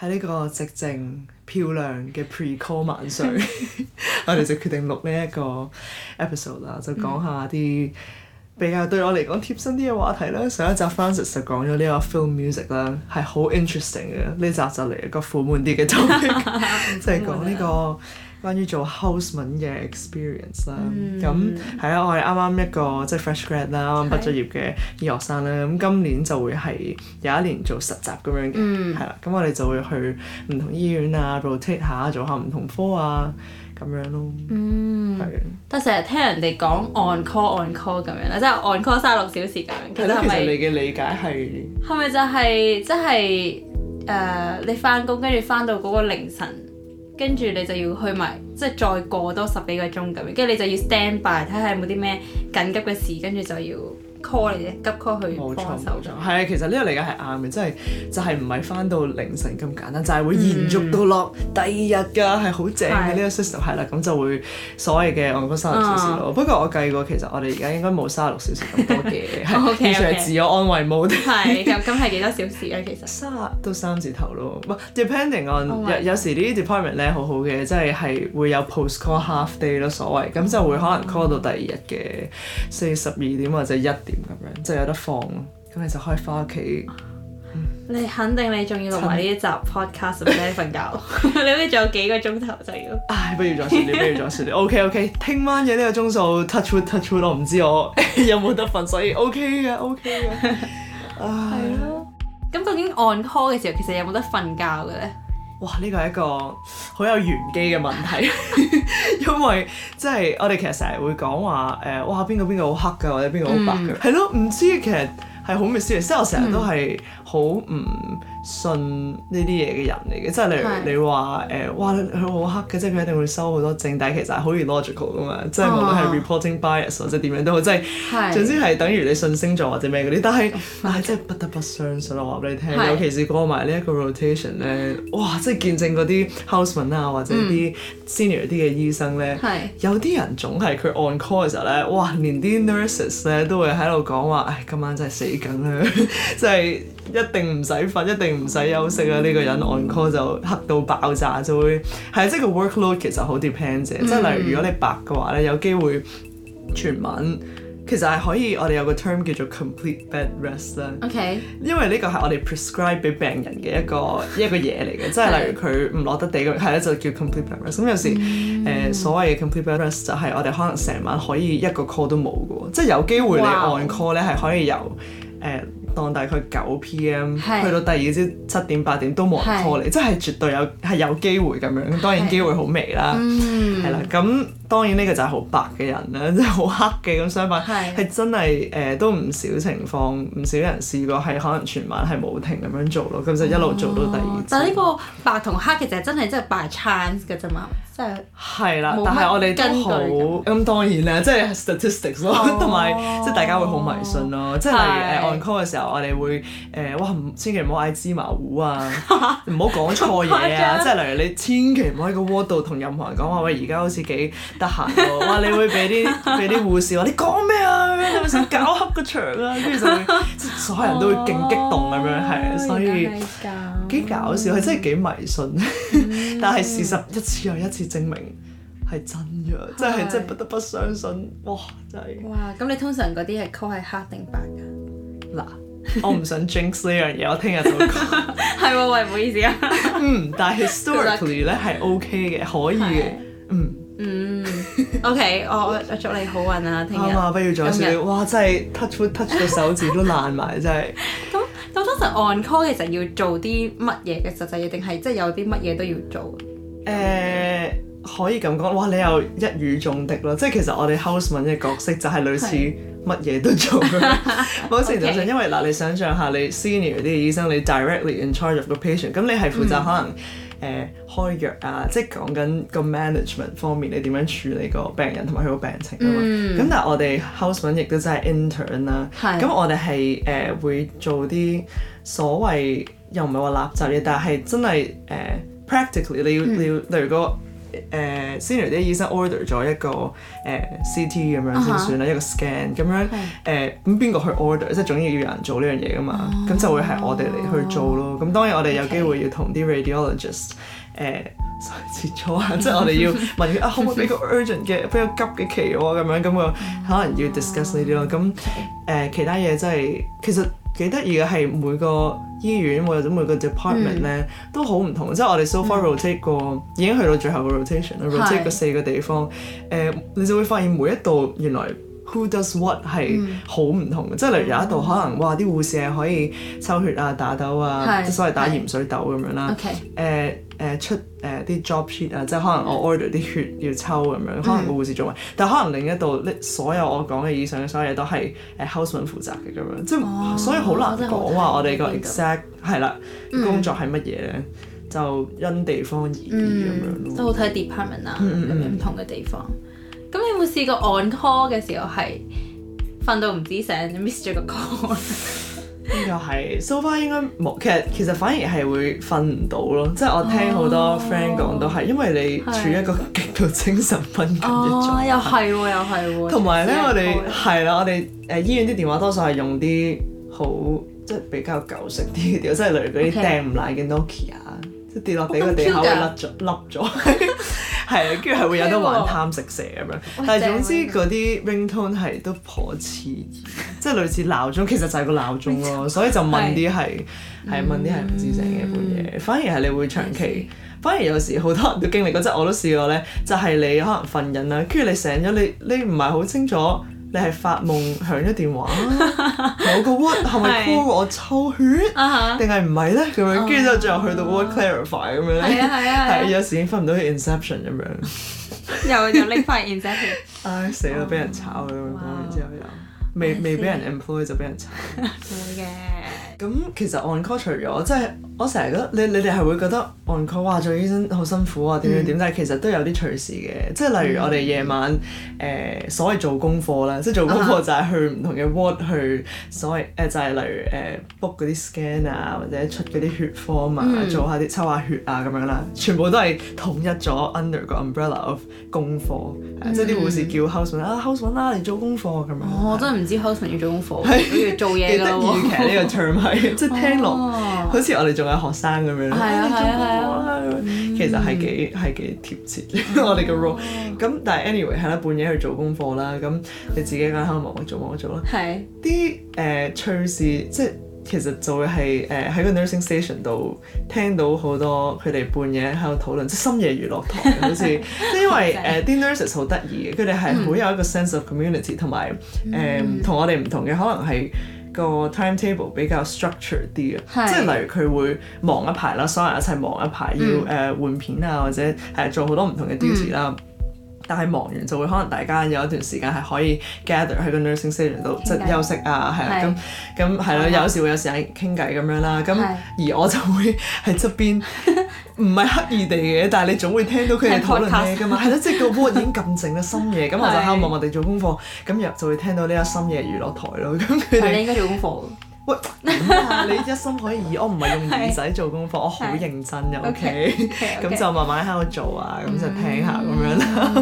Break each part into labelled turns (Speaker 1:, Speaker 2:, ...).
Speaker 1: 喺呢個寂靜漂亮嘅 pre-call 晚睡，我哋就決定錄呢一個 episode 啦，就講下啲比較對我嚟講貼身啲嘅話題啦。上一集 Francis 就講咗呢個 film music 啦，係好 interesting 嘅。呢集就嚟一個苦悶啲嘅 topic，就係講呢個。關於做 houseman 嘅 experience 啦，咁係、嗯嗯、啊，我係啱啱一個即係 fresh grad 啦，啱啱畢咗業嘅醫學生啦，咁今年就會係有一年做實習咁樣嘅，係啦、嗯，咁、啊、我哋就會去唔同醫院啊，rotate 下，做下唔同科啊，咁樣咯，係、嗯。
Speaker 2: 但成日聽人哋講 on call on call 咁樣啦，即係 on call 三十六小時咁、嗯。其實你
Speaker 1: 嘅理解係
Speaker 2: 係咪就係即係誒你翻工跟住翻到嗰個凌晨？跟住你就要去埋，即係再過多十幾個鐘咁樣，跟住你就要 stand by 睇下有冇啲咩緊急嘅事，跟住就要。
Speaker 1: call 嚟啫，急 call 去幫手。冇錯，係啊、嗯，其實呢個理解係啱嘅，即係就係唔係返到凌晨咁簡單，就係會延續到落、嗯、第二日㗎，係好正嘅呢個 system。係啦，咁就會所謂嘅我覺得卅六小時咯。啊、不過我計過，其實我哋而家應該冇卅六小時咁多嘅，係完全係自我安慰 mode 係咁，係幾 多小時啊？其實三都三字頭咯，唔、well, depending on、哦啊、有，有時啲 department 咧好好嘅，即係係會有 post call half day 咯所謂，咁、嗯、就會可能 call 到第二日嘅四十二點或者一點。咁樣就有得放咯，咁你就可以翻屋企。嗯、
Speaker 2: 你肯定你仲要錄埋呢一集 podcast 親你瞓覺， 你好似仲有幾個鐘頭就要。
Speaker 1: 唉，不如再算你，不如再算你。 OK，OK，okay, okay, 聽晚嘅呢個鐘數 touch wood touch wood，我唔知我有冇得瞓， 所以 OK 嘅 OK。
Speaker 2: 嘅 唉。係咯、啊。咁究竟 on call 嘅時候，其實有冇得瞓覺嘅咧？
Speaker 1: 哇！呢個係一個好有玄機嘅問題， 因為即係我哋其實成日會講話誒，哇邊個邊個好黑㗎，或者邊個好白㗎？係、嗯、咯，唔知其實係好唔知嘅，所以我成日都係，嗯嗯好唔信呢啲嘢嘅人嚟嘅，即係例如你話誒，哇佢好黑嘅，即係佢一定會收好多症，但係其實係好 illogical 嘅嘛，oh。即係無論係 reporting bias 或者係點樣都好，即係是總之係等於你信星座或者咩嗰啲。但係但係真係不得不相信我話俾你聽，是尤其是過埋呢一個 rotation 咧，哇！即係見證嗰啲 houseman 啊或者啲 senior 啲嘅醫生咧，嗯、有啲人總係佢 on call 嘅時候咧，哇！連啲 nurses 咧都會喺度講話，唉，今晚真係死緊啦，即 係、就是。一定唔使瞓，一定唔使休息啊！呢個人 on call 就黑到爆炸，就會係即係個 work load 其實好 dependent。即係例如如果你白嘅話咧，有機會全文，其實係可以我哋有個 term 叫做 complete bed rest 咧。因為呢個係我哋 prescribe 俾病人嘅一個一個嘢嚟嘅。即係例如佢唔落得地嘅，係咧就叫 complete bed rest。咁有時誒所謂嘅 complete bed rest 就係我哋可能成晚可以一個 call 都冇嘅，即係有機會你 on call 咧係可以由誒。當大概九 PM 是去到第二朝七點八點都冇人 call 你，即係是絕對有係有機會咁樣，當然機會好微是啦，係啦咁。當然呢個就係好白嘅人啦，即係好黑嘅咁相反，係真係誒都唔少情況，唔少人試過係可能全晚係冇停咁樣做咯，咁就一路做到第二。但係
Speaker 2: 呢個白同黑其實真係真係 by chance 嘅啫嘛，即係
Speaker 1: 係啦，但係我哋都好咁當然啦，即係 statistics 咯，同埋即係大家會好迷信咯，即係例如誒 on call 嘅時候，我哋會誒哇，千祈唔好嗌芝麻糊啊，唔好講錯嘢啊，即係例如你千祈唔好喺個窩度同任何人講話喂，而家好似幾。得閒哇，你會俾啲俾啲護士話你講咩啊？有冇想搞黑個場啊？跟住就會即係所有人都會勁激動咁樣，係所以幾搞笑，係真係幾迷信。但係事實一次又一次證明係真嘅，真係真係
Speaker 2: 不得不相信。哇！真係哇！咁你通常嗰啲係 call 係黑定白
Speaker 1: 㗎？嗱，我唔想 jinx 呢樣嘢，我聽日就會講係喎，喂，唔好意思啊。嗯，但 historically 咧係 OK 嘅，可以嘅。
Speaker 2: O.K. 我、oh，我祝你好運啊！聽日啱
Speaker 1: 啊！不要再笑，天哇！真係 touch touch 個手指都爛埋，真係。
Speaker 2: 咁咁通常 on call 其實要做啲乜嘢嘅，實際一定係即係有啲乜嘢都要做？
Speaker 1: 誒、呃，可以咁講，哇！你又一語中的咯，即係其實我哋 houseman 嘅角色就係類似乜嘢都做。某程度上， Okay. 因為嗱、呃，你想像下，你 senior 啲醫生，你 directly in charge of the patient，咁你係負責可能、嗯。誒、呃、開藥啊，即係講緊個 management 方面，你點樣處理個病人同埋佢個病情啊嘛。咁、嗯、但係我哋 Houseman 亦都真係 intern 啦。咁是我哋係誒會做啲所謂又唔係話垃圾嘢，嗯、但係真係誒、呃、practically 你要你要例如個。嗯誒，先鋒啲醫生 order 咗一個誒 CT 咁樣先算啦，一個 scan 咁樣誒，咁邊個去 order？即係總之要有人做呢樣嘢㗎嘛，咁就會係我哋嚟去做咯。咁當然我哋有機會要同啲 radiologist 誒接觸下，即係我哋要問佢啊，可唔可以比較 urgent 嘅、比較急嘅期啊？咁樣咁我可能要 discuss 呢啲咯。咁誒，其他嘢真係其實幾得意嘅係每個醫院或者每個 department 咧，嗯、都好唔同，即係我哋 so far rotate 過、嗯、已經去到最後個 rotation 啦，嗯、rotate 過四個地方，誒、嗯呃、你就會發現每一度原來 who does what 係好唔同嘅。嗯、即係例如有一度可能、嗯、哇啲護士係可以抽血啊、打豆啊，嗯、即所謂打鹽水豆咁、嗯、樣啦，誒。okay. uh, 誒出誒啲 job sheet 啊，即係可能我 order 啲血要抽咁樣，可能個護士做埋，但係可能另一度咧，所有我講嘅以上所有嘢都係誒 houseman 負責嘅咁樣，即係所以好難講話我哋個 exact 係啦，工作係乜嘢咧，就因地方而異咁
Speaker 2: 樣咯。都好睇 department 啦，咁咩唔同嘅地方。咁你有冇試過 on call 嘅時候係瞓到唔知醒，miss 咗個 call？
Speaker 1: 又係，so far 應該冇。其實其實反而係會瞓唔到咯，即係我聽好多 friend 講都係，啊、因為你處於一個極度精神分緊
Speaker 2: 嘅狀態。啊、哦，又係喎，哦，又係喎。同埋咧，我哋
Speaker 1: 係啦，我哋誒、呃、醫院啲電話多數係用啲好即係比較舊式啲嘅，即係例如嗰啲掟唔爛嘅 Nokia，即係跌落地個地下會甩咗，甩咗，係啊，跟住係會有得玩貪食蛇咁樣。Okay. 但係總之嗰啲 ringtone 係都頗似。嗯嗯即係類似鬧鐘，其實就係個鬧鐘咯，所以就問啲係係問啲係唔知成嘅本嘢，反而係你會長期，反而有時好多人都經歷過，即係我都試過咧，就係你可能瞓緊啦，跟住你醒咗，你你唔係好清楚，你係發夢響咗電話，某個 what 係咪 call 我抽血定係唔係咧？咁樣跟住就最後去到 what clarify 咁樣咧，係有時已經分唔到去 inception 咁樣，又又拎翻 inception，唉死啦！俾人炒咁樣講完之後又。未未俾人 employ 就俾人炒。唔會嘅。咁其實 on call 除咗即係我成日覺得你你哋係會覺得 on call 話做醫生好辛苦啊，點樣點，但係其實都有啲趣事嘅。即係例如我哋夜晚誒所謂做功課啦，即係做功課就係去唔同嘅 ward 去所謂誒就係例如誒 book 嗰啲 scan 啊，或者出嗰啲血 form 啊嘛做下啲抽下血啊咁樣啦，全部都係統一咗 under 個 umbrella of 功課，
Speaker 2: 即係啲護士叫 house 啊，house 揾啦嚟做功課咁樣。我真係唔知 house
Speaker 1: 要做功課，跟住做嘢啦喎。係，即係聽落好似我哋仲有學生咁樣，其實係幾係幾貼切我哋嘅 role。咁但係 anyway 係啦，半夜去做功課啦，咁你自己喺度忙忙做忙做啦。係啲誒趣事，即係其實就會係誒喺個 nursing station 度聽到好多佢哋半夜喺度討論，即深夜娛樂台，好似即係因為誒啲 nurses 好得意嘅，佢哋係好有一個 sense of community，同埋誒同我哋唔同嘅可能係。個 timetable 比較 structure 啲嘅，即係例如佢會忙一排啦，所有人一齊忙一排、嗯、要誒、呃、換片啊，或者誒、呃、做好多唔同嘅 duty 啦。嗯、但係忙完就會可能大家有一段時間係可以 gather 喺個 nursing station 度天即休息啊，係是啊，咁咁係咯，有時會有時間傾偈咁樣啦。咁是、嗯嗯、而我就會喺側邊。 唔係刻意地嘅，但係你總會聽到佢哋討論呢啲㗎嘛。係咯，即係個窩已經咁靜啦，深夜咁 我就喺度默默地做功課，咁入就會聽到呢個深夜娛樂台咯。咁佢哋，應該做功課。喂， 你一心可以耳，我唔係用耳仔做功課， 對我好認真嘅。OK，咁就慢慢喺度做啊，咁就聽下咁樣啦。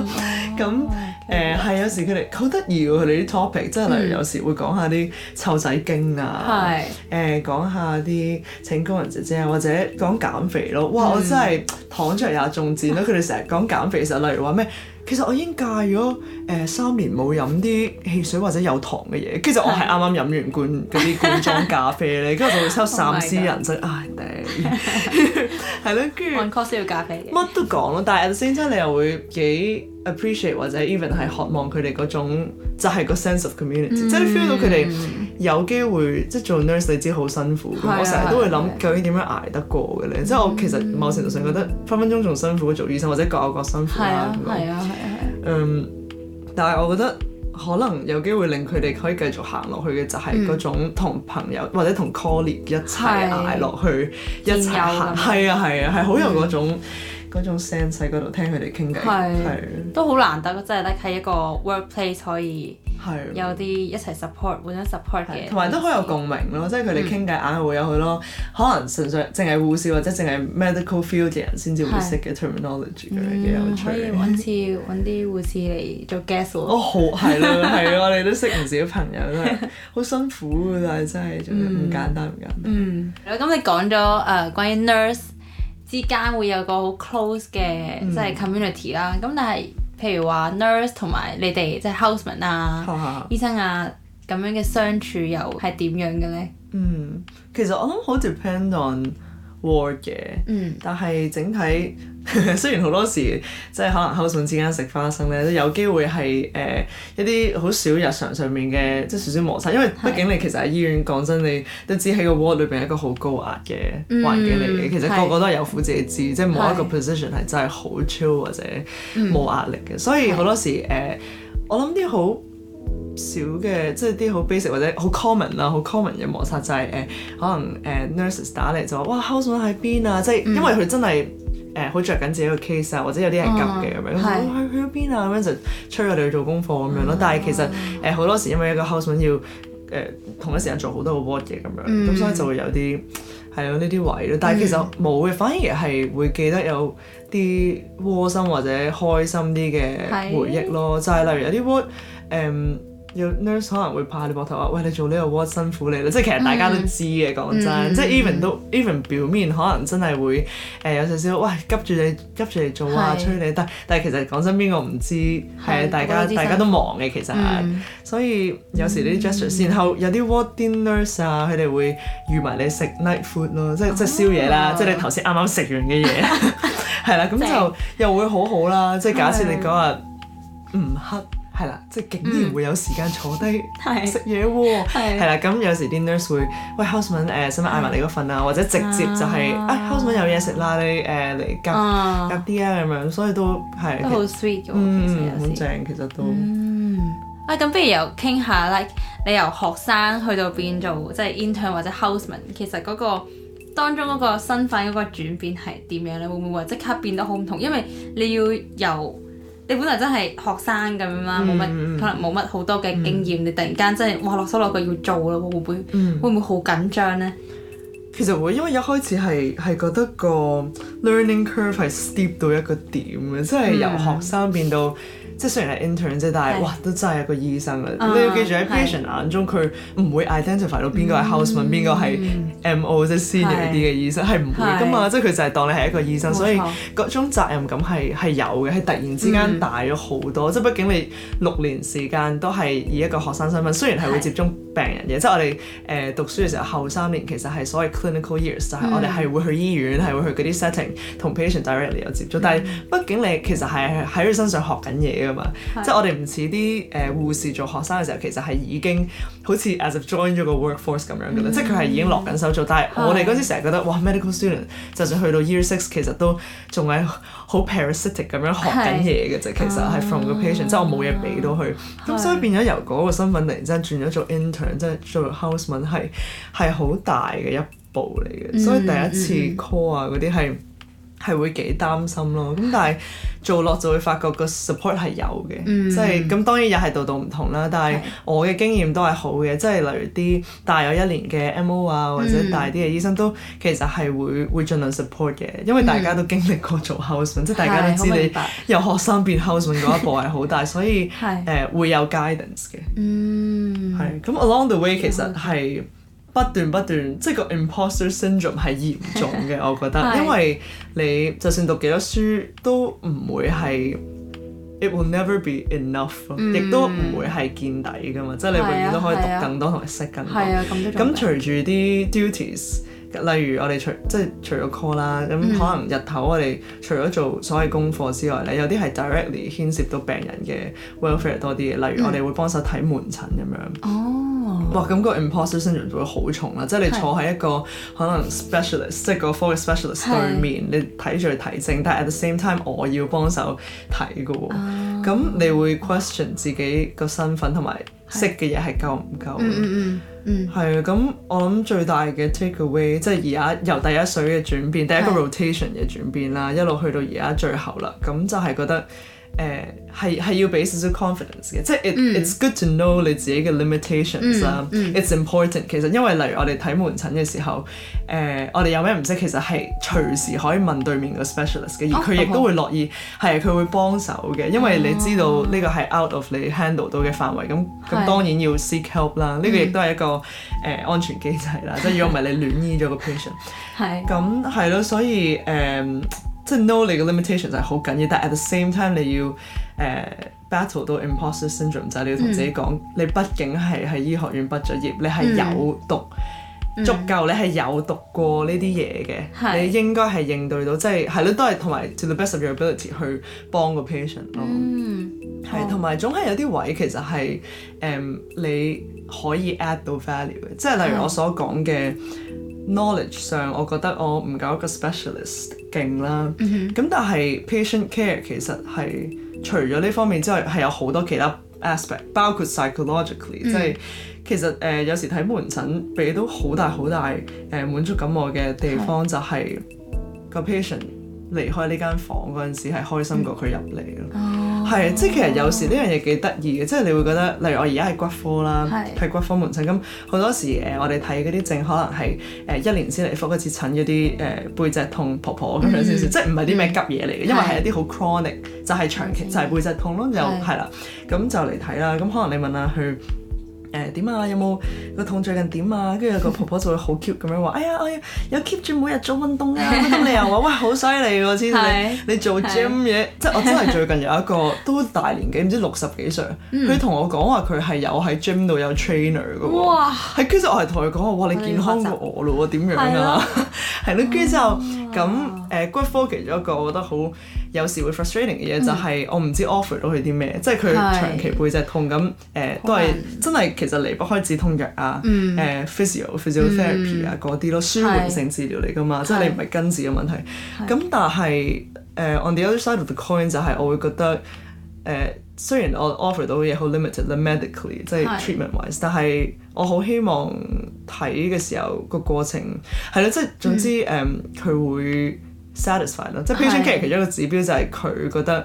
Speaker 1: 咁誒係有時佢哋好得意喎，佢哋啲 topic，即係例如有時會講下啲湊仔經啊，誒、 呃、講下啲請工人姐姐，或者講減肥咯。哇，我真係躺着也中箭咯。佢哋成日講減肥，就例如話咩？其實我已經戒咗誒三年冇飲啲汽水或者有糖嘅嘢，對其實我係啱啱飲完罐嗰啲罐裝咖啡咧，跟住就會收三思人生唉、哎， 頂，係咯，跟住。One cup 要咖啡乜都講咯，但係 sometimes 你又會幾 appreciate 或者 even 係渴望佢哋嗰種，就係、是、個 sense of community，、嗯、即係你 feel 到佢哋。有機會即係做 nurse，你知好辛苦。我成日都會諗究竟點樣捱得過嘅咧。即係我其實某程度上覺得分分鐘仲辛苦過做醫生或者各有各辛苦啦。係啊係啊係啊。嗯，但係我覺得可能有機會令佢哋可以繼續行落去嘅，就係嗰種同朋友或者同 colleague 一齊捱落去一齊行。係啊係啊，係好有嗰種嗰種 sense 喺嗰度聽佢哋傾偈，係都
Speaker 2: 好難得，真係咧喺一個 workplace 可以。係有啲一齊 support，互相 support 嘅，同
Speaker 1: 埋都好有共鳴咯，即係佢哋傾偈硬係會有好多可能純粹淨係護士或者淨係 medical field 嘅人先至會識嘅 terminology
Speaker 2: 咁樣嘅有趣。可以揾次揾啲護士嚟做 guest 咯。哦，好係咯係
Speaker 1: 咯，你都識唔少朋友都好辛苦但㗎，真係仲係唔簡單唔簡
Speaker 2: 單。嗯，咁你講咗誒關於 nurse 之間會有個好 close 嘅即係 community 啦，咁但係，譬如話 nurse 同埋你哋即係 houseman 啊、 醫生啊咁樣嘅相處又係點樣嘅呢？嗯，
Speaker 1: 其實我諗好 depend on。嘅，the, mm. 但係整體雖然好多時即係可能口管之間食花生咧，都有機會係誒、呃、一啲好少日常上面嘅即係少少摩擦，因為畢竟你其實喺醫院講真，你都知喺個鍋裏邊係一個好高壓嘅環境嚟嘅，mm. 其實個個都係有苦、mm. 自己知，mm. 即係冇一個 position 係真係好 chill 或者冇壓力嘅，mm. 所以好多時誒、呃、我諗啲好少嘅即係啲好 basic 或者好 common 啦，好 common 嘅摩擦就係誒，可能誒、呃、nurses 打嚟就話哇 houseman 喺邊啊，即係因為佢真係誒好着緊自己個 case 啊，或者有啲人急嘅咁、嗯、樣，是哦、去去咗邊啊咁樣就催我哋去做功課咁樣咯。嗯、但係其實誒好、呃、多時因為一個 houseman 要誒、呃、同一時間做好多個 work 嘢咁樣，咁、嗯、所以就會有啲係有呢啲位咯。但係其實冇嘅，反而係會記得有啲窩心或者開心啲嘅回憶咯，就係嗎嗎例如有啲 work。誒，有 nurse 可能會拍你膊頭話，喂，你做呢個 work 辛苦你啦，即係其實大家都知嘅，講真，即係 even 都 even 表面可能真係會誒有少少，喂，急住你急住嚟做啊，催你，但係但係其實講真，邊個唔知？係啊，大家大家都忙嘅其實係，所以有時啲 gesture，然後有啲 ward nurse 啊，佢哋會預埋你食 night food 咯，即係即係宵夜啦，即係你頭先啱啱食完嘅嘢，係啦，咁就又會好好啦。即係假設你嗰日唔黑。係啦，即係竟然會有時間坐低食嘢喎。係啦， 咁是有時啲 nurse 會餵 houseman 誒使唔使嗌埋你嗰份啊，啊或者直接就係、是、啊 houseman、ah, 有嘢食啦，你誒嚟、呃、夾、啊、夾啲啊咁樣，所以都係都好
Speaker 2: sweet 嘅。嗯，好
Speaker 1: 正，其實都。
Speaker 2: 啊，咁不如又傾下，like 你由學生去到變做即係、就是、intern 或者 houseman，其實嗰個當中嗰個身份嗰個轉變係點樣咧？會唔會話即刻變得好唔同？因為你要由你本來真係學生咁樣啦，冇乜、嗯、可能冇乜好多嘅經驗，嗯、你突然間真係哇落手落腳要做啦，會唔會、嗯、會唔會好緊張呢？
Speaker 1: 其實會，因為一開始係係覺得個 learning curve 係 steep 到一個點嘅，即係由學生變到、嗯。到即係雖然係 intern 啫，但係哇，都真係一個醫生啊。你要記住喺 patient 眼中，佢唔會 identify 到邊個係 houseman，邊個係 M.O. 即係 senior 呢啲嘅醫生係唔會㗎嘛，即係佢就係當你係一個醫生，所以各種責任感係係有嘅，係突然之間大咗好多。即係畢竟你六年時間都係以一個學生身份，雖然係會接觸病人嘅，即係我哋誒讀書嘅時候後三年其實係所謂 clinical years，就係我哋係會去醫院，係會去嗰啲 setting 同 patient directly 有接觸，但係畢竟你其實係喺佢身上學緊嘢。啊嘛， 即係我哋唔似啲誒護士做學生嘅時候，其實係已經好似 as join 咗個 workforce 咁樣嘅啦。Mm hmm. 即係佢係已經落緊手做，但係我哋嗰時成日覺得、mm hmm. 哇，medical student 就算去到 year six，其實都仲係好 parasitic 咁樣學緊嘢嘅啫。Hmm. 其實係 from 個 patient，mm hmm. 即係我冇嘢俾到佢。咁、mm hmm. 所以變咗由嗰個身份突然之間轉咗做 intern，即係做 houseman，係係好大嘅一步嚟嘅。所以第一次 call 啊嗰啲係。Hmm. 係會幾擔心咯，咁但係做落就會發覺個 support 係有嘅，mm. 即係咁當然又係度度唔同啦。但係我嘅經驗都係好嘅，是即係例如啲大咗一年嘅 MO 啊，或者大啲嘅醫生都其實係會會盡量 support 嘅，因為大家都經歷過做 houseman 即係大家都知你由學生變 houseman 嗰一步係好大，所以誒是、呃、會有 guidance 嘅。嗯、mm.，係咁 along the way 其實係。 不斷不斷，即係個 impostor syndrome 係嚴重嘅， 我覺得，因為你就算讀幾多書都唔會係，It will never be enough，亦都唔會係見底㗎嘛，嗯、即係你永遠都可以讀更多同埋識更多。咁、嗯嗯嗯、隨住啲 duties，例如我哋除即係除咗 call 啦，咁可能日頭我哋除咗做所謂功課之外咧，嗯、有啲係 directly 牽涉到病人嘅 welfare 多啲嘅，例如我哋會幫手睇門診咁、嗯、樣。Oh. 哇！咁個 imposter syndrome 會好重啦，即係你坐喺一個是可能 specialist，即係個科嘅 specialist 對面，是你睇住睇症，但係 at the same time 我要幫手睇嘅喎，咁、啊、你會 question 自己個身份同埋識嘅嘢係夠唔夠？嗯係啊，咁、嗯嗯、我諗最大嘅 take away，即係而家由第一水嘅轉變，第一個 rotation 嘅轉變啦，是一路去到而家最後啦，咁就係覺得。誒係係要俾少少 confidence 嘅，即係、mm. it's good to know 你自己嘅 limitations 啦 it's important。其實因為例如我哋睇門診嘅時候，誒、uh, 我哋有咩唔識，其實係隨時可以問對面個 specialist 嘅，而佢亦都會樂意係佢、oh. 會幫手嘅，因為你知道呢個係 out of 你 handle 到嘅範圍，咁咁、mm. 當然要 seek help 啦。呢個亦都係一個誒、mm. 呃、安全機制啦，即係如果唔係你亂醫咗個 patient，係咁係咯，所以誒。嗯即係 know 你嘅 limitation 就係好緊要，但係 at the same time 你要誒 battle 到 impostor syndrome，就係你要同自己講，你畢竟係喺醫學院畢咗業，你係有讀足夠，你係有讀過呢啲嘢嘅，你應該係應對到，即係係咯，都係同埋 to the best of your ability 去幫個 patient 咯，係同埋總係有啲位其實係誒你可以 add 到 value 嘅，即係例如我所講嘅。Knowledge 上，我覺得我唔夠一個 specialist 勁啦。咁但係 patient care 其實係除咗呢方面之外，係有好多其他 aspect，包括 psychologically，即係其實誒有時睇門診俾到好大好大誒滿足感我嘅地方就係個 patient 離開呢間房嗰陣時係開心過佢入嚟咯。係，即係、嗯、其實有時呢樣嘢幾得意嘅，即係你會覺得，例如我而家係骨科啦，係是骨科門診咁，好多時誒，我哋睇嗰啲症可能係誒一年先嚟復一次診嗰啲誒背脊痛婆婆咁樣先算，嗯、即係唔係啲咩急嘢嚟嘅，嗯、因為係一啲好 chronic，就係長期、嗯、就係背脊痛咯，又係啦，咁有是就嚟睇啦，咁可能你問下佢。誒點、呃、啊？有冇個痛最近點啊？跟住個婆婆就會好 keep 咁樣話：哎呀，我有 keep 住每日做運動啊！咁 你又話：哇，好犀利喎！知唔知？你做 gym 嘢， 即係我真係最近有一個都大年紀，唔知六十幾歲，佢同我講話佢係有喺 gym 度有 trainer 嘅。哇！係，其實我係同佢講話：哇，你健康過我咯喎？點樣㗎、啊、啦？係咯、 嗯， 跟住之後咁誒骨科其中一個，我覺得好。有時會 frustrating 嘅嘢就係我唔知 offer 到佢啲咩，即係佢長期背脊痛咁誒，都係真係其實離不開止痛藥啊，誒 physio、physiotherapy 啊嗰啲咯，舒緩性治療嚟㗎嘛，即係你唔係根治嘅問題。咁但係誒 on the other side of the coin 就係我會覺得誒雖然我 offer 到嘢好 limited medically，即係 treatment wise，但係我好希望睇嘅時候個過程係咯，即係總之誒佢會。satisfied 咯，即係 patient care 其中一個指標就係佢覺得誒、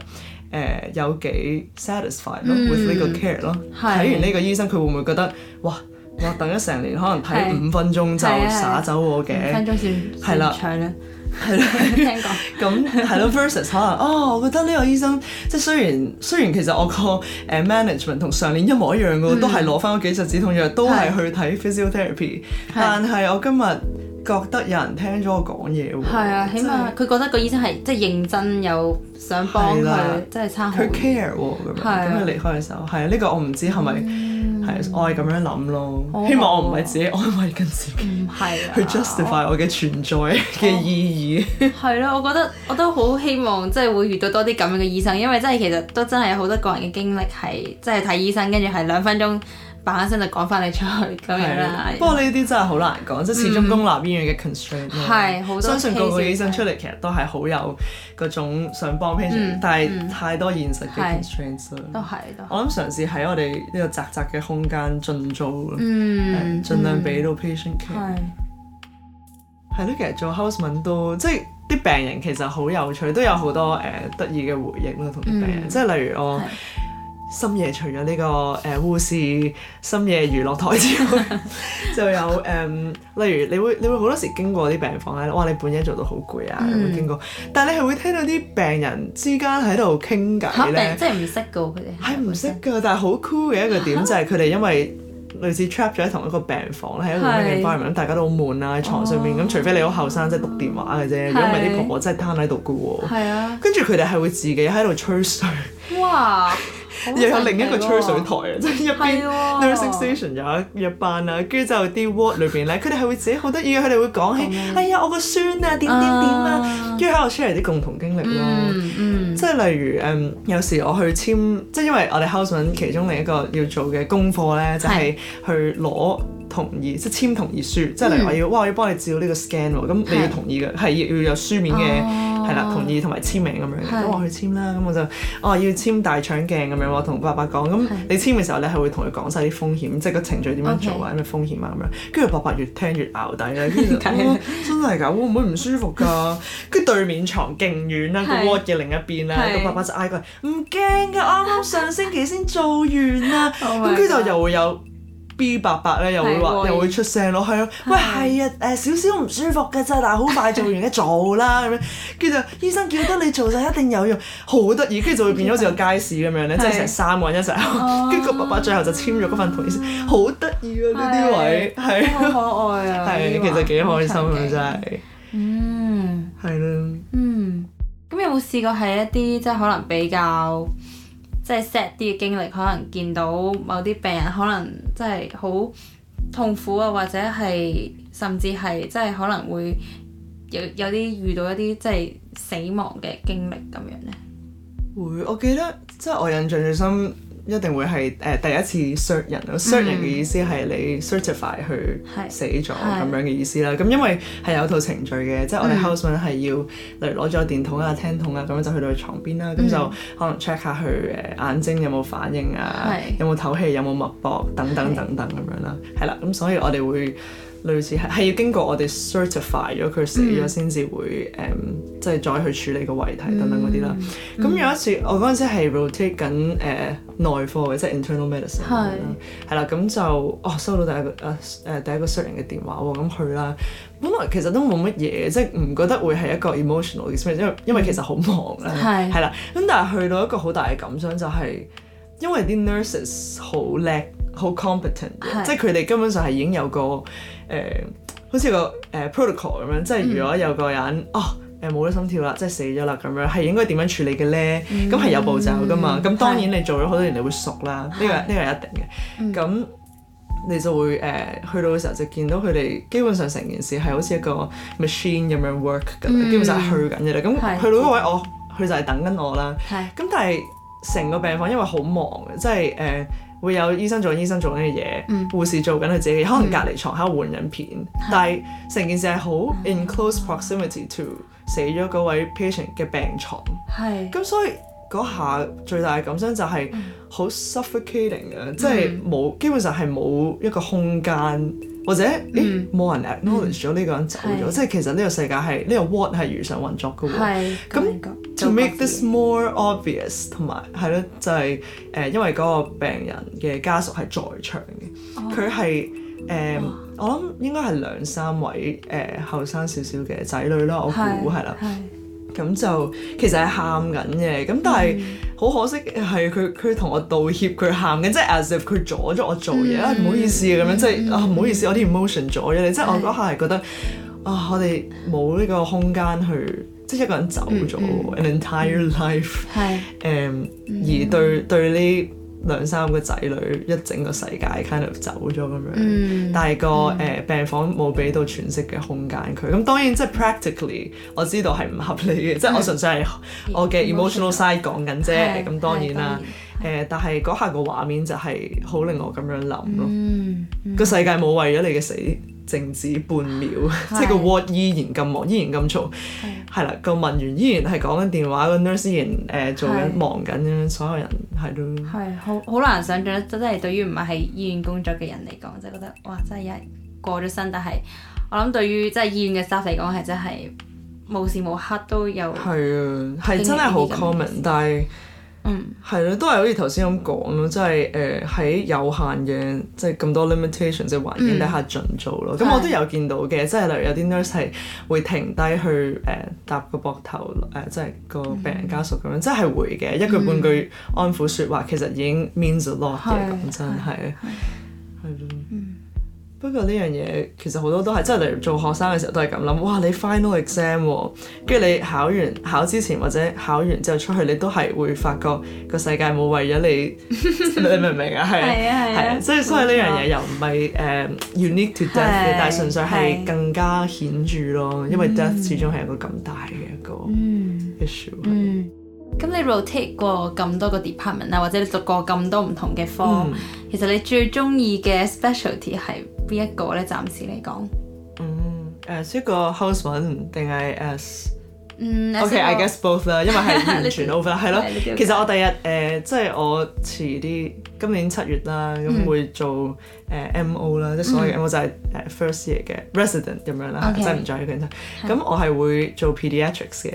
Speaker 1: 呃、有幾 satisfied 咯，with 呢個 care 咯，睇完呢個醫生佢會唔會覺得哇哇等咗成年可能睇五分鐘就耍走我嘅，分鐘算長啦，係啦，聽過咁係咯 versus 可能哦，我覺得呢個醫生即係雖然雖然其實我個誒、呃、management 同上年一模一樣嘅喎，嗯、都係攞翻嗰幾隻止痛藥，都係去睇 physiotherapy，的的但係我今日覺得有人聽咗我講嘢喎，
Speaker 2: 係啊，起碼佢覺得個醫生係即係認真，有想幫佢，即係差好佢
Speaker 1: care 喎咁樣，咁佢離開嘅時候，係啊，呢個我唔知係咪，係我係咁樣諗咯，希望我唔係自己安慰緊自己，係啊，去 justify 我嘅存在嘅意義。
Speaker 2: 係咯，我覺得我都好希望即係會遇到多啲咁樣嘅醫生，因為真係其實都真係有好多個人嘅經歷係即係睇醫生，跟住係兩分鐘。把一聲就趕翻你出去咁樣啦。不過
Speaker 1: 呢啲真係好難講，即係始終公立醫院嘅 constraint。係，好多。相信個個醫生出嚟其實都係好有嗰種想幫 patient，但係太多現實嘅 constraint 啦。都係。我諗嘗試喺我哋呢個窄窄嘅空間盡做咯，盡量俾到 patient care。係。係咯，其實做 houseman 都，即係啲病人其實好有趣，都有好多誒得意嘅回憶咯，同啲病人。即係例如我。深夜除咗呢個誒護士深夜娛樂台之外，就有誒，例如你會你會好多時經過啲病房咧，哇！你半夜做到好攰啊，有冇經過，但係你係會聽到啲病人之間喺度傾偈咧，即係唔識噶喎，佢哋係唔識噶，但係好 cool 嘅一個點就係佢哋因為類似 trap 咗喺同一個病房咧，喺一個 environment，大家都好悶啊，喺牀上面咁，除非你好後生即係讀電話嘅啫，如果唔係啲婆婆真係攤喺度嘅喎，係啊，跟住佢哋係會自己喺度吹水，哇！又有另一個吹水台啊！即係入邊 nursing station 有一一班啦，跟住就啲 ward 裏邊咧，佢哋係會自己好得意，佢哋會講起， 哎呀，我個孫啊點點點啊，跟住喺度出嚟啲共同經歷咯，嗯嗯、即係例如誒有時我去簽，即係因為我哋 houseman 其中另一個要做嘅功課咧，的就係去攞。同意即係簽同意書，即係嚟話要，哇！我要幫你照呢個 scan 喎，咁你要同意嘅，係要有書面嘅，係啦，同意同埋簽名咁樣。咁我去簽啦，咁我就，哦，要簽大腸鏡咁樣喎，同爸爸講。咁你簽嘅時候，你係會同佢講晒啲風險，即係個程序點樣做啊？咩風險啊咁樣。跟住爸爸越聽越淆底啦，跟住真係㗎，會唔會唔舒服㗎？跟住對面床勁遠啦，個 ward 嘅另一邊啦，咁爸爸就嗌佢，唔驚㗎，啱啱上星期先做完啊，咁跟住就又有。B 八八咧又會話，又會出聲咯，係咯，喂係啊，誒少少唔舒服嘅啫，但係好快做完嘅，做啦咁樣，跟住就醫生叫得你做晒一定有用，好得意，跟住就會變咗好似個街市咁樣咧，即係成三個人一齊，跟住個爸爸最後就簽咗嗰份同意書，好得意啊呢啲位，係，好可愛啊，係，其實幾開心啊真係，嗯，係
Speaker 2: 咯，嗯，咁有冇試過喺一啲即係可能比較？即係 sad 啲嘅經歷，可能見到某啲病人，可能真係好痛苦啊，或者係甚至係即係可能會有有啲遇到一啲即係死亡嘅經歷咁樣呢？
Speaker 1: 會，我記得即係我印象最深。一定會係誒、呃、第一次 cert 人咯 cert 人嘅意思係你 certify 佢死咗咁是樣嘅意思啦。咁是因為係有套程序嘅，是即係我哋 houseman 係要，例如攞咗電筒啊、聽筒啊，咁樣就去到佢床邊啦，咁是就可能 check 下佢誒眼睛有冇反應啊，是有冇唞氣、有冇脈搏等等等等咁樣啦。係啦是，咁所以我哋會。類似係係要經過我哋 certify 咗佢死咗先至會誒、嗯嗯，即係再去處理個遺體等等嗰啲啦。咁、嗯、有一次、嗯、我嗰陣時係 rotate 緊誒內科嘅，即係 internal medicine 係係啦。咁就哦收到第一、啊、個誒第一個 cert 嘅電話喎，咁去啦。本來其實都冇乜嘢，即係唔覺得會係一個 emotional experience，因為因為其實好忙啦，係係啦。咁吧是但係去到一個好大嘅感想就係，因為啲 nurses 好叻，好 competent，即係佢哋根本上係已經有個。誒，好似、呃、個誒、呃、protocol 咁樣，即係如果有個人、嗯、哦，誒冇咗心跳啦，即係死咗啦咁樣，係應該點樣處理嘅咧？咁係、嗯嗯、有步驟㗎嘛？咁當然你做咗好多年，你會熟啦，呢個呢個係一定嘅。咁、嗯、你就會誒、呃、去到嘅時候就見到佢哋基本上成件事係好似一個 machine 咁樣 work 嘅，嗯、基本上係去緊嘅啦。咁去到嗰位是的、哦、我，佢就係等緊我啦。咁的但係成個病房因為好忙嘅，即係誒。呃會有醫生做醫生做緊嘅嘢，嗯、護士做緊佢自己，可能隔離床，喺度換緊片，嗯、但係成件事係好 in close proximity to 死咗嗰位 patient 嘅病牀，咁、嗯、所以嗰下最大嘅感傷就係好 suffocating 嘅，嗯、即係冇基本上係冇一個空間。或者誒冇、欸嗯、人 acknowledge 咗呢個人走咗，嗯、即係其實呢個世界係呢、呢個 what 係如常運作嘅喎。咁 to make this more obvious，同埋係咯，就係、是、誒、呃、因為嗰個病人嘅家屬係在場嘅，佢係誒我諗應該係兩三位誒後生少少嘅仔女咯，我估係啦。對了咁就其實係喊緊嘅，咁但係好可惜係佢、佢同我道歉，佢喊緊，即係 as if 佢阻咗我做嘢，唔好意思咁樣，即係啊，唔好意思，我啲 emotion 阻咗你。即係我嗰下係覺得啊，我哋冇呢個空間去，即係一個人走咗，an entire life，係誒，而對對呢？兩三個仔女一整個世界 kind of 走咗咁樣，嗯、但係個誒、嗯呃、病房冇俾到喘息嘅空間佢。咁當然即係 practically 我知道係唔合理嘅，即係、嗯、我純粹係我嘅 emotional、嗯、side 講緊啫。咁對當然啦，誒、呃、但係嗰下個畫面就係好令我咁樣諗咯。個、嗯嗯、世界冇為咗你嘅死。靜止半秒， 即係個 ward 依然咁忙，依然咁嘈，係啦的。個、嗯嗯、文員依然係講緊電話，個 nurse 依然誒做緊的，忙緊所有人係咯，係好
Speaker 2: 好難想象，真真係對於唔係喺醫院工作嘅人嚟講，真、就、係、是、覺得哇！真係有人過咗身，但係我諗對於即係醫院嘅 staff 嚟講係真係無時無刻都
Speaker 1: 有。係啊，係真係好 common，但係。嗯，係咯， 嗯、都係好似頭先咁講咯，即係誒喺有限嘅即係咁多 limitation 即係環境底下盡做咯。咁、嗯、我都有見到嘅，即、就、係、是、例如有啲 nurse 係會停低去誒、呃、搭個膊頭誒，即、呃、係、就是、個病人家屬咁樣，即係會嘅、嗯、一句半句安撫説話，其實已經 means a lot 嘅，講、嗯、真係係咯。嗯不過呢樣嘢其實好多都係真係，例如做學生嘅時候都係咁諗，哇！你 final exam，跟住你考完考之前或者考完之後出去，你都係會發覺個世界冇為咗你， 你明唔明啊？係係啊，即係 所以呢樣嘢又唔係誒 unique to death，是但係純粹係更加顯著咯，因為 death 始終係一個咁大嘅一個 issue 的。嗯嗯
Speaker 2: 咁你 rotate 過咁多個 department 啊，或者你讀過咁多唔同嘅科，mm. 其實你最中意嘅 specialty 係邊一個咧？暫
Speaker 1: 時嚟講，嗯、mm.，誒，呢個 houseman 定係 S。嗯，OK，I guess both 啦，因為係完全 over，係咯。其實我第日誒，即係我遲啲今年七月啦，咁會做誒 MO 啦，即係所謂 MO 就係 first year 嘅 resident 咁樣啦，真唔在乎佢哋。咁我係會做 pediatrics 嘅，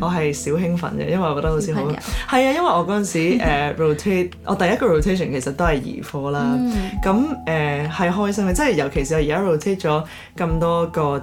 Speaker 1: 我係小興奮嘅，因為我覺得好似好。係啊，因為我嗰陣時誒 rotate，我第一個 rotation 其實都係兒科啦。咁誒係開心嘅，即係尤其是我而家 rotate 咗咁多個。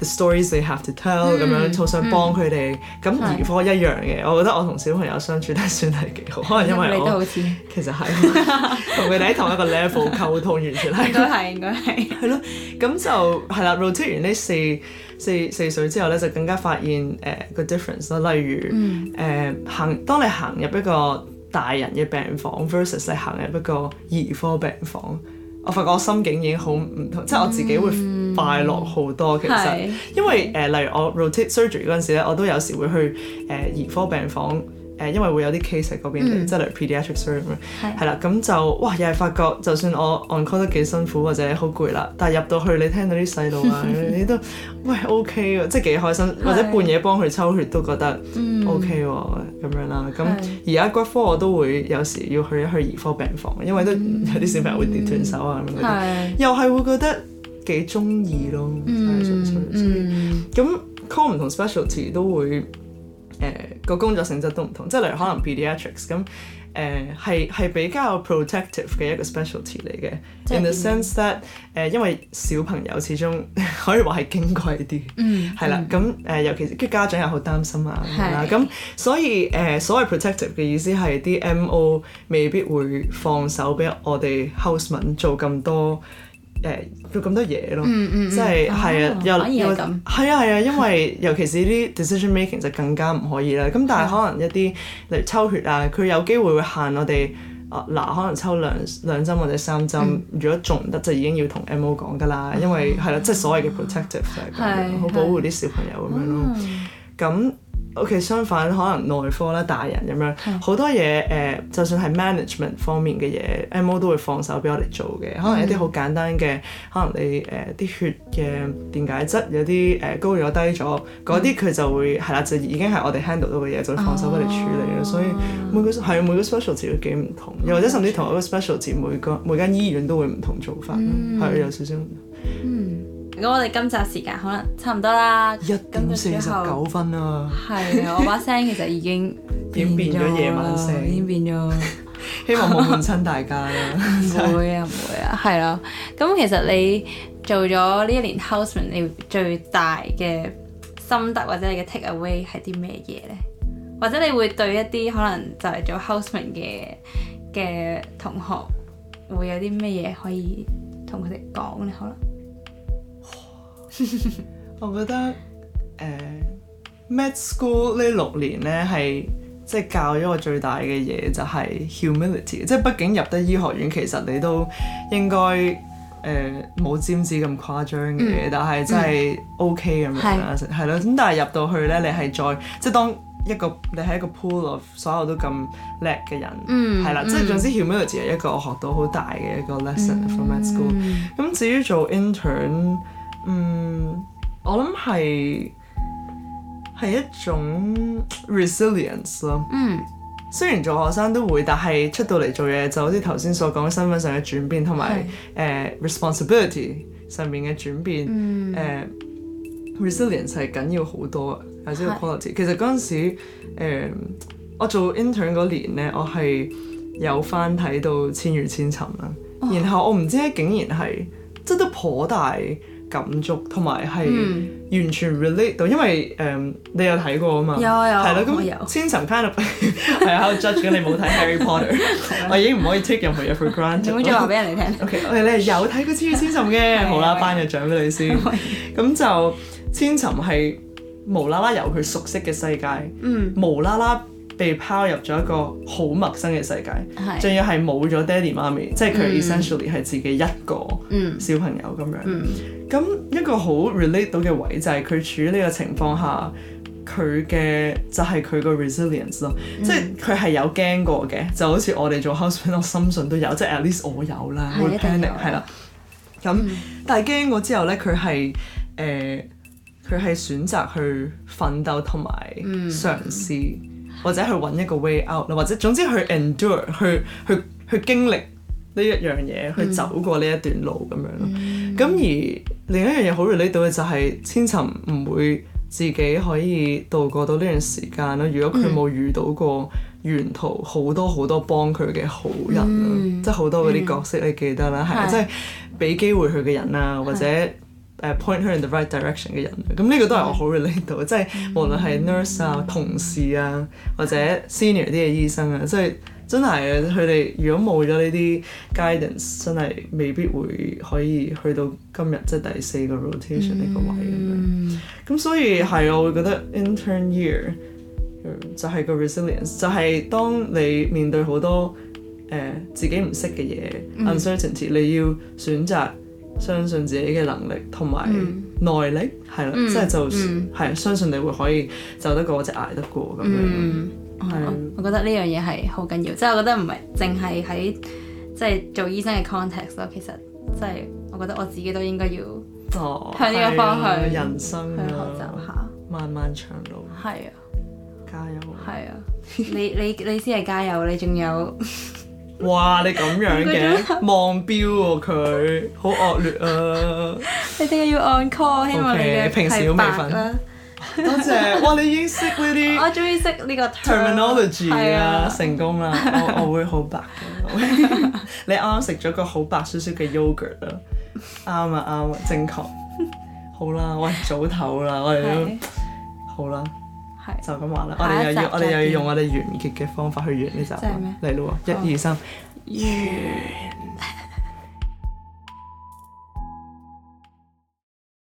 Speaker 1: The stories they have to tell 咁、嗯、樣，好想幫佢哋。咁、嗯、兒科一樣嘅，對我覺得我同小朋友相處都係算係幾好。可能因為你都好似，其實係同佢哋喺同一個 level 溝通，完全係 應該係應該
Speaker 2: 係。
Speaker 1: 係咯，咁就係啦。Rotate 完呢四四四歲之後咧，就更加發現誒個、uh, difference 啦。例如誒、嗯呃、行，當你行入一個大人嘅病房 versus 你行入一個兒科病房。我發覺我心境已經好唔同，即係我自己會快樂好多。其實、嗯，因為誒、呃，例如我 rotate surgery 嗰陣時咧，我都有時會去誒兒、呃、科病房。誒，因為會有啲 case 喺嗰邊，即係嚟 pediatric surgery 咯，係啦，咁就哇，又係發覺，就算我 on call 得幾辛苦，或者好攰啦，但係入到去，你聽到啲細路啊，你都喂 OK 嘅，即係幾開心，或者半夜幫佢抽血都覺得 OK 喎，咁樣啦。咁而家骨科我都會有時要去一去兒科病房，因為都有啲小朋友會跌斷手啊，咁樣，又係會覺得幾中意咯。純粹咁 call 唔同 specialty 都會。誒、呃、個工作性質都唔同，即係例如可能 pediatrics 咁，誒係係比較 protective 嘅一個 specialty 嚟嘅。是，in the sense that 誒、呃、因為小朋友始終 可以話係矜貴啲，係、嗯、啦，咁誒、呃、尤其是啲家長又好擔心啊，咁是所以誒、呃、所謂 protective 嘅意思係啲 MO 未必會放手俾我哋 houseman 做咁多。誒做咁多嘢咯，嗯嗯、即係是係啊，又又係啊係啊，因為尤其是啲 decision making 就更加唔可以啦。咁、啊、但係可能一啲例如抽血啊，佢有機會會限我哋啊嗱，可能抽兩兩針或者三針，嗯、如果仲唔得就已經要同 M O 講㗎啦。因為係啦，啊啊、即係所謂嘅 protective、啊啊啊啊、就係咁樣好保護啲小朋友咁樣咯。咁 O.K. 相反，可能內科啦，大人咁樣好、嗯、多嘢，誒、呃，就算係 management 方面嘅嘢，M.O. 都會放手俾我哋做嘅。可能一啲好簡單嘅，嗯、可能你誒啲、呃、血嘅電解質有啲誒、呃、高咗低咗，嗰啲佢就會係啦、嗯，就已經係我哋 handle 到嘅嘢，就放手俾你嚟處理嘅。啊、所以每個係每個 specialty 都幾唔同，又、嗯、或者甚至同一個 specialty，每個每間醫院都會唔同做法，係、嗯嗯、有少少。嗯
Speaker 2: 如果我哋今集時間可能差
Speaker 1: 唔多啦，一點四十九分啦，
Speaker 2: 係啊，我把聲其實已經
Speaker 1: 變變咗夜晚聲，變變咗，希望冇嚇親大家
Speaker 2: 啦，唔會啊，唔會啊，係咯。咁其實你做咗呢一年 Houseman，你最大嘅心得或者你嘅 take away 係啲咩嘢咧？或者你會對一啲可能就係做 Houseman 嘅嘅同學會有啲咩嘢可以同佢哋講咧？可能？ 我
Speaker 1: 覺得誒、呃、，Med School 呢六年呢係即係教咗我最大嘅嘢，就係、是、humility。即係畢竟入得醫學院，其實你都應該誒冇尖子咁誇張嘅嘢，但係真係 OK 咁樣啦，係啦、嗯。咁、嗯、但係入到去呢，你係再即係當一個你喺一個 pool of 所有都咁叻嘅人，係啦、嗯。即係總之，humility 係、嗯、一個我學到好大嘅一個 lesson、嗯、from Med School。咁至於做 intern。嗯，我諗係係一種 resilience 咯。嗯，雖然做學生都會，但係出到嚟做嘢，就好似頭先所講身份上嘅轉變，同埋誒 responsibility 上面嘅轉變。誒、嗯呃、，resilience 係緊要好多，係呢、嗯、個 quality。是其實嗰陣時，誒、呃，我做 intern 嗰年咧，我係有翻睇到千與千尋啦。哦、然後我唔知咧，竟然係即都頗大感觸同埋係完全 relate 到，因為誒你有睇過啊嘛，有啊有，係咯咁千尋 kind of 係喺度 judge 緊你冇睇 Harry Potter，我已經唔可以 take 任何嘢 for granted。唔好再話俾人哋聽。OK，你係有睇過千千尋嘅，好啦，頒個獎俾你先。咁就千尋係無啦啦由佢熟悉嘅世界，嗯，無啦啦被拋入咗一個好陌生嘅世界，仲要係冇咗爹哋媽咪，即係佢 essentially 係自己一個小朋友咁樣。咁一個好 relate 到嘅位就係佢處於呢個情況下，佢嘅、嗯、就係佢個 resilience 咯、嗯，即係佢係有驚過嘅，就好似我哋做 houseman，我深信都有，即係 at least 我有啦，對我 panic 係啦。咁、嗯、但係驚過之後咧，佢係誒佢係選擇去奮鬥同埋嘗試，嗯、或者去揾一個 way out 或者總之去 endure，去去去，去，去經歷呢一樣嘢，嗯、去走過呢一段路咁樣咯。咁、嗯、而，而另一樣嘢好 relate 到嘅就係千尋唔會自己可以度過到呢段時間啦。如果佢冇遇到過沿途好多好多幫佢嘅好人、嗯、即係好多嗰啲角色、嗯、你記得啦，係啊是，即係俾機會佢嘅人啊，是或者誒 point her in the right direction 嘅人。咁呢是個都係我好 relate 到，是即係無論係 nurse 啊、嗯、同事啊或者 senior 啲嘅醫生啊，即係。真係，佢哋如果冇咗呢啲 guidance，真係未必會可以去到今日即係第四個 rotation 呢、mm hmm. 個位咁樣。咁所以係，我會覺得 intern year 就係個 resilience，就係當你面對好多誒、呃、自己唔識嘅嘢、mm hmm.，uncertainty 你要選擇相信自己嘅能力同埋耐力，係啦、mm，即、hmm. 係、mm hmm. 就係、mm hmm. 相信你會可以走得過或者捱得過咁樣。Mm hmm. mm hmm. 係，
Speaker 2: 我覺得呢樣嘢係好緊要，即係我覺得唔係淨係喺即係做醫生嘅 context 咯，其實即係我覺得我自己都應該要
Speaker 1: 向呢個方向人生、哦、去學習下，漫漫長路，
Speaker 2: 係啊，慢慢的加油，係啊，你你你先係加油，你仲有，
Speaker 1: 哇，你咁樣嘅 望表喎、啊，佢好惡劣啊，
Speaker 2: 你點解要 on call？希望你嘅 call 係白啦、okay。
Speaker 1: 多謝，哇！你已經識呢啲，我終於識呢個 terminology，啊，成功啦！我我會好白你啱啱食咗個好白少少嘅 yogurt 啦，啱啊啱，正確，好啦，喂，早唞啦，我哋都好啦，係就咁玩啦，我哋又要我哋又要用我哋完結嘅方法去完呢集啦，嚟啦，一二三，完。